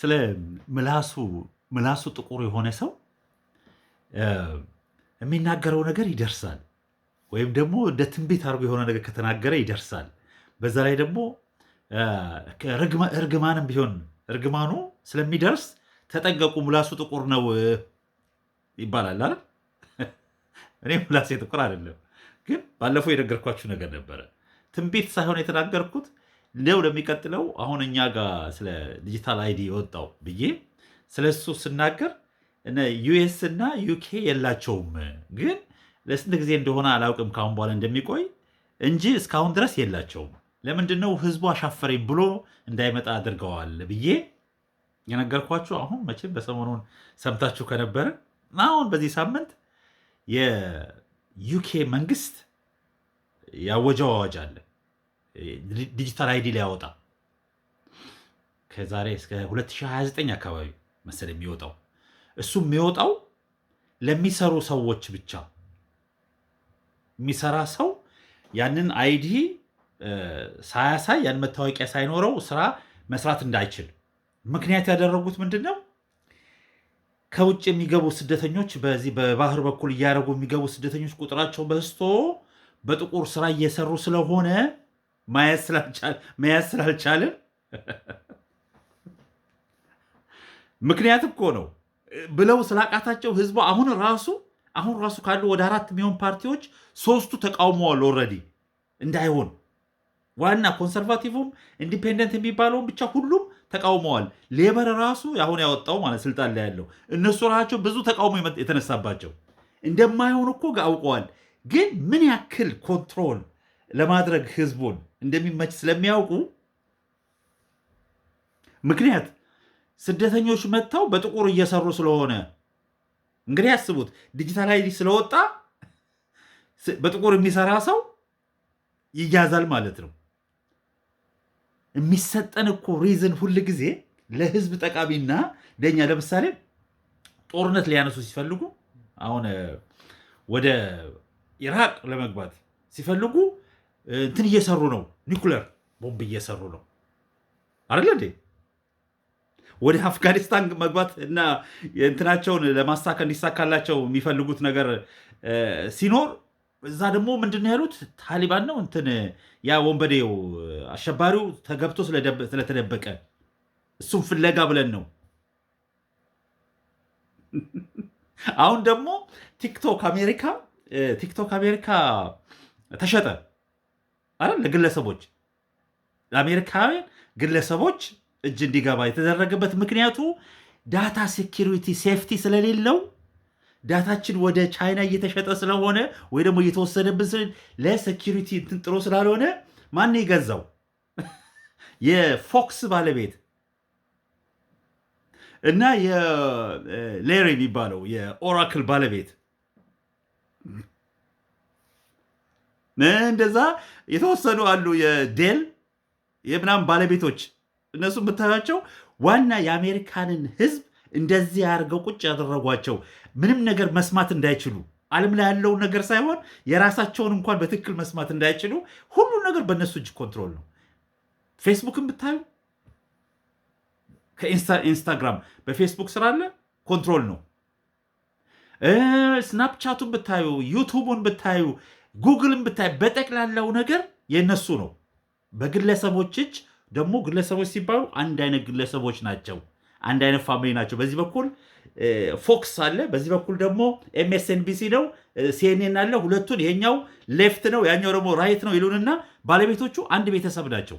ስለ ምላሱ ምላሱ ጥቁር የሆነ ሰው የሚናገረው ነገር ይደርሳል፣ ወይም ደግሞ እንደ ትንቢት አድርጎ የሆነ ነገር ከተናገረ ይደርሳል። በዛ ላይ ደግሞ እርግማንም ቢሆን እርግማኑ ስለሚደርስ ተጠንቀቁ፣ ምላሱ ጥቁር ነው ይባላል አይደል? እኔ ምላሴ ጥቁር አይደለም፣ ግን ባለፈው የነገርኳችሁ ነገር ነበረ። ትንቢት ሳይሆን የተናገርኩት እንደው ለሚቀጥለው አሁን እኛ ጋር ስለ ዲጂታል አይዲ የወጣው ብዬ ስለ እሱ ስናገር ዩኤስ እና ዩኬ የላቸውም፣ ግን ለስንት ጊዜ እንደሆነ አላውቅም ከአሁን በኋላ እንደሚቆይ እንጂ እስካሁን ድረስ የላቸውም። ለምንድነው ህዝቡ አሻፈረኝ ብሎ እንዳይመጣ አድርገዋል ብዬ የነገርኳችሁ አሁን መቼም በሰሞኑን ሰምታችሁ ከነበረ አሁን በዚህ ሳምንት የዩኬ መንግስት ያወጀው አዋጅ አለ። ዲጂታል አይዲ ሊያወጣ ከዛሬ እስከ 2029 አካባቢ መሰለኝ የሚወጣው እሱ የሚወጣው ለሚሰሩ ሰዎች ብቻ የሚሰራ ሰው ያንን አይዲ ሳያሳይ ያን መታወቂያ ሳይኖረው ስራ መስራት እንዳይችል ምክንያት ያደረጉት ምንድን ነው? ከውጭ የሚገቡ ስደተኞች በዚህ በባህር በኩል እያደረጉ የሚገቡ ስደተኞች ቁጥራቸው በዝቶ በጥቁር ስራ እየሰሩ ስለሆነ መያዝ ስላልቻልን ምክንያት እኮ ነው ብለው ስላቃታቸው ህዝቡ አሁን ራሱ አሁን ራሱ ካሉ ወደ አራት የሚሆን ፓርቲዎች ሶስቱ ተቃውመዋል። ኦልሬዲ እንዳይሆን ዋና ኮንሰርቫቲቭም ኢንዲፔንደንት የሚባለውን ብቻ ሁሉም ተቃውመዋል። ሌበር ራሱ አሁን ያወጣው ማለት ስልጣን ላይ ያለው እነሱ ራቸው ብዙ ተቃውሞ የተነሳባቸው እንደማይሆን እኮ አውቀዋል። ግን ምን ያክል ኮንትሮል ለማድረግ ህዝቡን እንደሚመች ስለሚያውቁ ምክንያት ስደተኞች መጥተው በጥቁር እየሰሩ ስለሆነ እንግዲህ ያስቡት። ዲጂታል ስለወጣ በጥቁር የሚሰራ ሰው ይያዛል ማለት ነው። የሚሰጠን እኮ ሪዝን ሁል ጊዜ ለህዝብ ጠቃሚና ለእኛ ለምሳሌ ጦርነት ሊያነሱ ሲፈልጉ አሁን ወደ ኢራቅ ለመግባት ሲፈልጉ እንትን እየሰሩ ነው፣ ኒኩለር ቦምብ እየሰሩ ነው አይደለ እንዴ? ወደ አፍጋኒስታን መግባት እና እንትናቸውን ለማሳካ እንዲሳካላቸው የሚፈልጉት ነገር ሲኖር እዛ ደግሞ ምንድን ነው ያሉት? ታሊባን ነው እንትን ያ ወንበዴው አሸባሪው ተገብቶ ስለተደበቀ እሱም ፍለጋ ብለን ነው። አሁን ደግሞ ቲክቶክ አሜሪካ ቲክቶክ አሜሪካ ተሸጠ። አይደል ለግለሰቦች ለአሜሪካውያን ግለሰቦች እጅ እንዲገባ የተደረገበት ምክንያቱ ዳታ ሴኪሪቲ ሴፍቲ ስለሌለው ዳታችን ወደ ቻይና እየተሸጠ ስለሆነ ወይ ደግሞ እየተወሰደብን ስለ ለሴኪሪቲ እንትን ስላልሆነ ማን የገዛው? የፎክስ ባለቤት እና የሌሪ የሚባለው የኦራክል ባለቤት እንደዛ የተወሰኑ አሉ የዴል የምናም ባለቤቶች እነሱ ብታያቸው ዋና የአሜሪካንን ህዝብ እንደዚህ አድርገው ቁጭ ያደረጓቸው ምንም ነገር መስማት እንዳይችሉ ዓለም ላይ ያለውን ነገር ሳይሆን የራሳቸውን እንኳን በትክክል መስማት እንዳይችሉ ሁሉ ነገር በእነሱ እጅ ኮንትሮል ነው። ፌስቡክን ብታዩ ከኢንስታግራም በፌስቡክ ስራ አለ ኮንትሮል ነው። ስናፕቻቱን ብታዩ፣ ዩቱቡን ብታዩ ጉግልን ብታይ በጠቅላላው ነገር የነሱ ነው። በግለሰቦች እጅ ደግሞ ግለሰቦች ሲባሉ አንድ አይነት ግለሰቦች ናቸው፣ አንድ አይነት ፋሚሊ ናቸው። በዚህ በኩል ፎክስ አለ፣ በዚህ በኩል ደግሞ ኤምኤስኤንቢሲ ነው፣ ሲኤንኤን አለ። ሁለቱን ይሄኛው ሌፍት ነው፣ ያኛው ደግሞ ራይት ነው ይሉንና ባለቤቶቹ አንድ ቤተሰብ ናቸው፣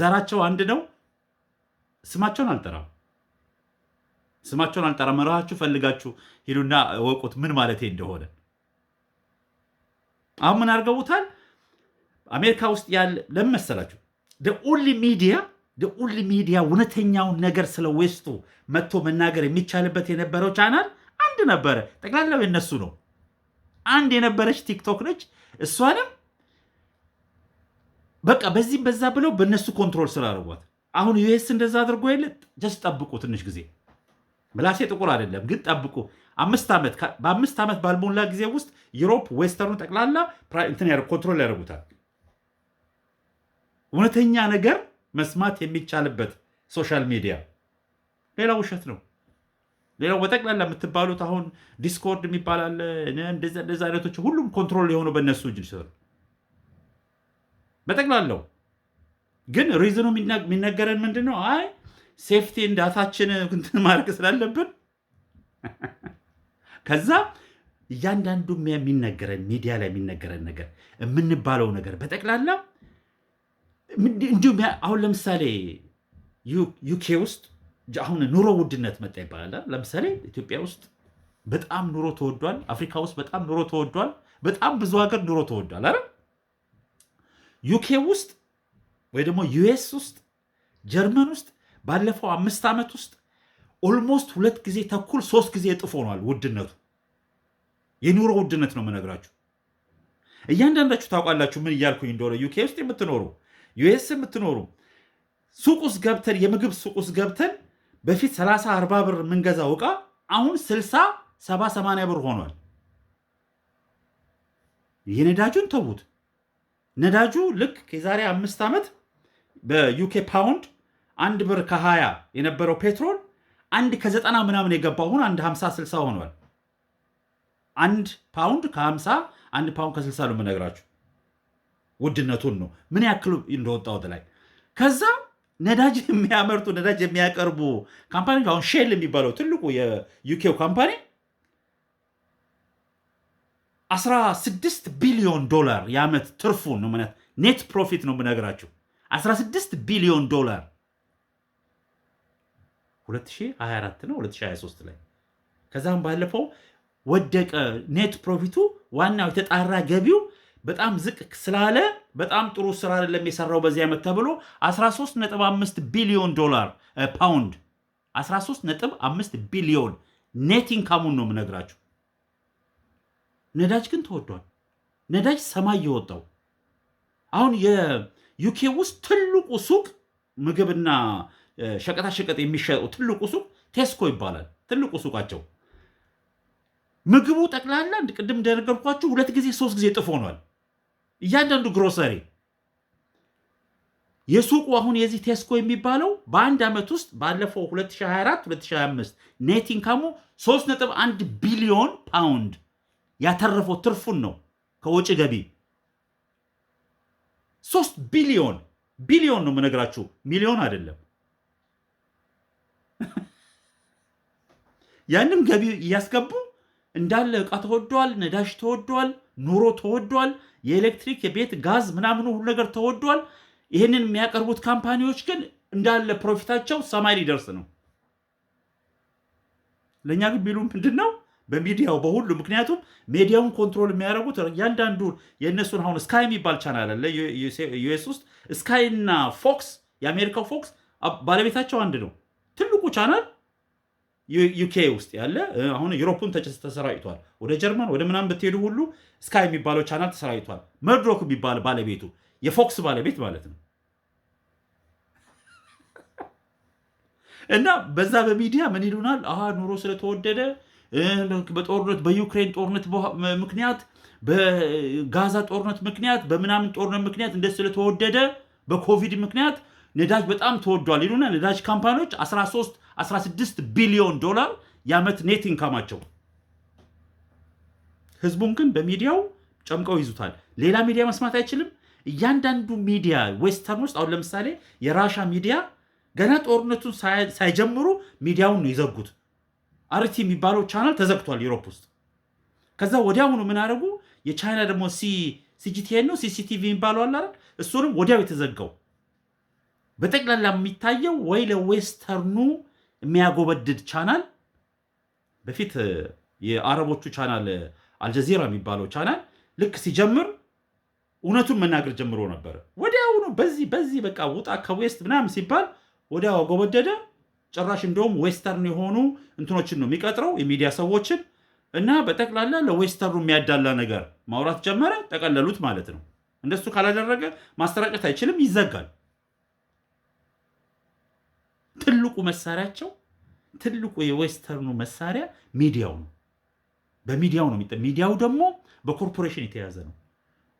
ዘራቸው አንድ ነው። ስማቸውን አልጠራም ስማቸውን አልጠራም። ራሳችሁ ፈልጋችሁ ሂዱና ወቁት ምን ማለት እንደሆነ። አሁን ምን አድርገውታል? አሜሪካ ውስጥ ያለ ለምን መሰላችሁ? ኦንሊ ሚዲያ ኦንሊ ሚዲያ እውነተኛውን ነገር ስለ ዌስቱ መጥቶ መናገር የሚቻልበት የነበረው ቻናል አንድ ነበረ። ጠቅላላው የነሱ ነው። አንድ የነበረች ቲክቶክ ነች። እሷንም በቃ በዚህም በዛ ብለው በእነሱ ኮንትሮል ስላደረጓት አሁን ዩኤስ እንደዛ አድርጎ የለ ጀስት ጠብቁ፣ ትንሽ ጊዜ ምላሴ ጥቁር አይደለም ግን ጠብቁ። በአምስት ዓመት ባልሞላ ጊዜ ውስጥ ዩሮፕ ዌስተርኑ ጠቅላላ ኮንትሮል ያደርጉታል። እውነተኛ ነገር መስማት የሚቻልበት ሶሻል ሚዲያ ሌላ ውሸት ነው። ሌላው በጠቅላላ የምትባሉት አሁን ዲስኮርድ የሚባል አለ። አይነቶች ሁሉም ኮንትሮል የሆነው በእነሱ እጅ ስር በጠቅላላው። ግን ሪዝኑ የሚነገረን ምንድን ነው? አይ ሴፍቲ እንዳታችን እንትን ማድረግ ስላለብን ከዛ እያንዳንዱ የሚነገረን ሚዲያ ላይ የሚነገረን ነገር የምንባለው ነገር በጠቅላላ እንዲሁም አሁን ለምሳሌ ዩኬ ውስጥ አሁን ኑሮ ውድነት መጣ ይባላል። ለምሳሌ ኢትዮጵያ ውስጥ በጣም ኑሮ ተወዷል። አፍሪካ ውስጥ በጣም ኑሮ ተወዷል። በጣም ብዙ ሀገር ኑሮ ተወዷል። አረ ዩኬ ውስጥ ወይ ደግሞ ዩኤስ ውስጥ ጀርመን ውስጥ ባለፈው አምስት ዓመት ውስጥ ኦልሞስት ሁለት ጊዜ ተኩል ሶስት ጊዜ እጥፍ ሆኗል ውድነቱ። የኑሮ ውድነት ነው የምነግራችሁ። እያንዳንዳችሁ ታውቃላችሁ ምን እያልኩኝ እንደሆነ። ዩኬ ውስጥ የምትኖሩ ዩኤስ የምትኖሩ ሱቅ ውስጥ ገብተን የምግብ ሱቅ ውስጥ ገብተን በፊት 30 40 ብር የምንገዛው እቃ አሁን 60 70 80 ብር ሆኗል። የነዳጁን ተዉት። ነዳጁ ልክ የዛሬ አምስት ዓመት በዩኬ ፓውንድ አንድ ብር ከ20 የነበረው ፔትሮል አንድ ከዘጠና ምናምን የገባ ሆኖ አንድ ሀምሳ ስልሳ ሆኗል። አንድ ፓውንድ ከሀምሳ አንድ ፓውንድ ከስልሳ ነው የምነግራችሁ። ውድነቱን ነው ምን ያክል እንደወጣ ወደ ላይ ከዛ ነዳጅ የሚያመርቱ ነዳጅ የሚያቀርቡ ካምፓኒዎች አሁን ሼል የሚባለው ትልቁ የዩኬው ካምፓኒ 16 ቢሊዮን ዶላር የዓመት ትርፉ ነው ኔት ፕሮፊት ነው የምነግራችሁ 16 ቢሊዮን ዶላር 2024 ነው 2023 ላይ ከዛም ባለፈው ወደቀ። ኔት ፕሮፊቱ ዋናው የተጣራ ገቢው በጣም ዝቅ ስላለ በጣም ጥሩ ስራ አይደለም የሰራው በዚህ ዓመት ተብሎ 13.5 ቢሊዮን ዶላር ፓውንድ 13.5 ቢሊዮን ኔት ኢንካሙን ነው የምነግራችሁ። ነዳጅ ግን ተወዷል። ነዳጅ ሰማይ የወጣው አሁን የዩኬ ውስጥ ትልቁ ሱቅ ምግብና ሸቀጣሸቀጥ የሚሸጡ ትልቁ ሱቅ ቴስኮ ይባላል። ትልቁ ሱቃቸው ምግቡ ጠቅላላ ቅድም እንደነገርኳችሁ ሁለት ጊዜ ሶስት ጊዜ ጥፎ ሆኗል። እያንዳንዱ ግሮሰሪ የሱቁ አሁን የዚህ ቴስኮ የሚባለው በአንድ ዓመት ውስጥ ባለፈው 2024 2025 ኔት ኢንካሙ 3.1 ቢሊዮን ፓውንድ ያተረፈው ትርፉን ነው ከውጭ ገቢ 3 ቢሊዮን ቢሊዮን ነው የምነግራችሁ፣ ሚሊዮን አይደለም። ያንም ገቢ እያስገቡ እንዳለ እቃ ተወዷል፣ ነዳጅ ተወዷል፣ ኑሮ ተወዷል፣ የኤሌክትሪክ የቤት ጋዝ ምናምን ሁሉ ነገር ተወዷል። ይህንን የሚያቀርቡት ካምፓኒዎች ግን እንዳለ ፕሮፊታቸው ሰማይ ሊደርስ ነው። ለእኛ ግን ቢሉ ምንድን ነው በሚዲያው በሁሉ ምክንያቱም ሜዲያውን ኮንትሮል የሚያደርጉት እያንዳንዱ የእነሱን አሁን ስካይ የሚባል ቻናል አለ ዩኤስ ውስጥ ስካይ እና ፎክስ የአሜሪካው ፎክስ ባለቤታቸው አንድ ነው። ትልቁ ቻናል ዩኬ ውስጥ ያለ አሁን ዩሮፕን ተሰራጭቷል። ወደ ጀርመን ወደ ምናምን ብትሄዱ ሁሉ ስካይ የሚባለው ቻናል ተሰራጭቷል። መድሮክ የሚባል ባለቤቱ የፎክስ ባለቤት ማለት ነው እና በዛ በሚዲያ ምን ይሉናል? ኑሮ ስለተወደደ በጦርነት በዩክሬን ጦርነት ምክንያት በጋዛ ጦርነት ምክንያት በምናምን ጦርነት ምክንያት እንደ ስለተወደደ በኮቪድ ምክንያት ነዳጅ በጣም ተወዷል ይሉና ነዳጅ ካምፓኒዎች 13 16 ቢሊዮን ዶላር የዓመት ኔት ኢንካማቸው ህዝቡም ግን በሚዲያው ጨምቀው ይዙታል። ሌላ ሚዲያ መስማት አይችልም። እያንዳንዱ ሚዲያ ዌስተርን ውስጥ አሁን ለምሳሌ የራሻ ሚዲያ ገና ጦርነቱን ሳይጀምሩ ሚዲያውን ነው የዘጉት። አርቲ የሚባለው ቻናል ተዘግቷል ዩሮፕ ውስጥ። ከዛ ወዲያውኑ ምን አደረጉ? የቻይና ደግሞ ሲጂቲኤን ነው ሲሲቲቪ የሚባለው አለ አይደል? እሱንም ወዲያው የተዘጋው በጠቅላላ የሚታየው ወይ ለዌስተርኑ የሚያጎበድድ ቻናል በፊት የአረቦቹ ቻናል አልጀዚራ የሚባለው ቻናል ልክ ሲጀምር እውነቱን መናገር ጀምሮ ነበር። ወዲያውኑ በዚህ በዚህ በቃ ውጣ ከዌስት ምናምን ሲባል ወዲያው አጎበደደ። ጭራሽ እንደውም ዌስተርን የሆኑ እንትኖችን ነው የሚቀጥረው የሚዲያ ሰዎችን እና በጠቅላላ ለዌስተርኑ የሚያዳላ ነገር ማውራት ጀመረ። ጠቀለሉት ማለት ነው። እንደሱ ካላደረገ ማሰራጨት አይችልም፣ ይዘጋል። ትልቁ መሳሪያቸው ትልቁ የዌስተርኑ መሳሪያ ሚዲያው ነው። በሚዲያው ነው። ሚዲያው ደግሞ በኮርፖሬሽን የተያዘ ነው።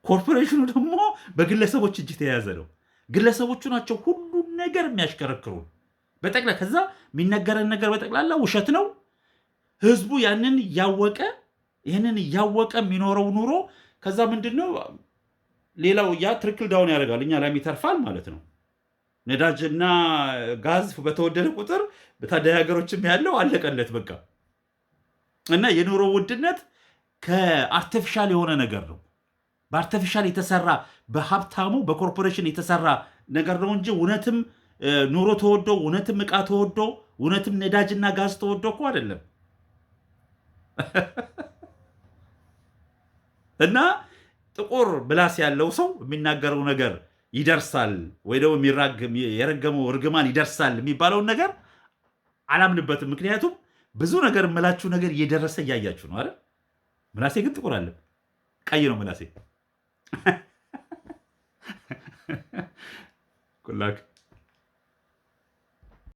ኮርፖሬሽኑ ደግሞ በግለሰቦች እጅ የተያዘ ነው። ግለሰቦቹ ናቸው ሁሉን ነገር የሚያሽከረክሩ በጠቅላ ከዛ የሚነገረን ነገር በጠቅላላ ውሸት ነው። ህዝቡ ያንን እያወቀ ይህንን እያወቀ የሚኖረው ኑሮ ከዛ ምንድን ነው ሌላው ያ ትርክል ዳውን ያደርጋል፣ እኛ ላይም ይተርፋል ማለት ነው። ነዳጅና ጋዝ በተወደደ ቁጥር በታዳጊ ሀገሮችም ያለው አለቀለት በቃ። እና የኑሮ ውድነት ከአርቲፊሻል የሆነ ነገር ነው። በአርቲፊሻል የተሰራ በሀብታሙ በኮርፖሬሽን የተሰራ ነገር ነው እንጂ እውነትም ኑሮ ተወዶ እውነትም እቃ ተወዶ እውነትም ነዳጅና ጋዝ ተወዶ እኮ አይደለም። እና ጥቁር ብላስ ያለው ሰው የሚናገረው ነገር ይደርሳል ወይ ደግሞ የረገመው እርግማን ይደርሳል የሚባለውን ነገር አላምንበትም። ምክንያቱም ብዙ ነገር የምላችሁ ነገር እየደረሰ እያያችሁ ነው አይደል? ምናሴ ግን ጥቁር አለ፣ ቀይ ነው ምናሴ ኩላክ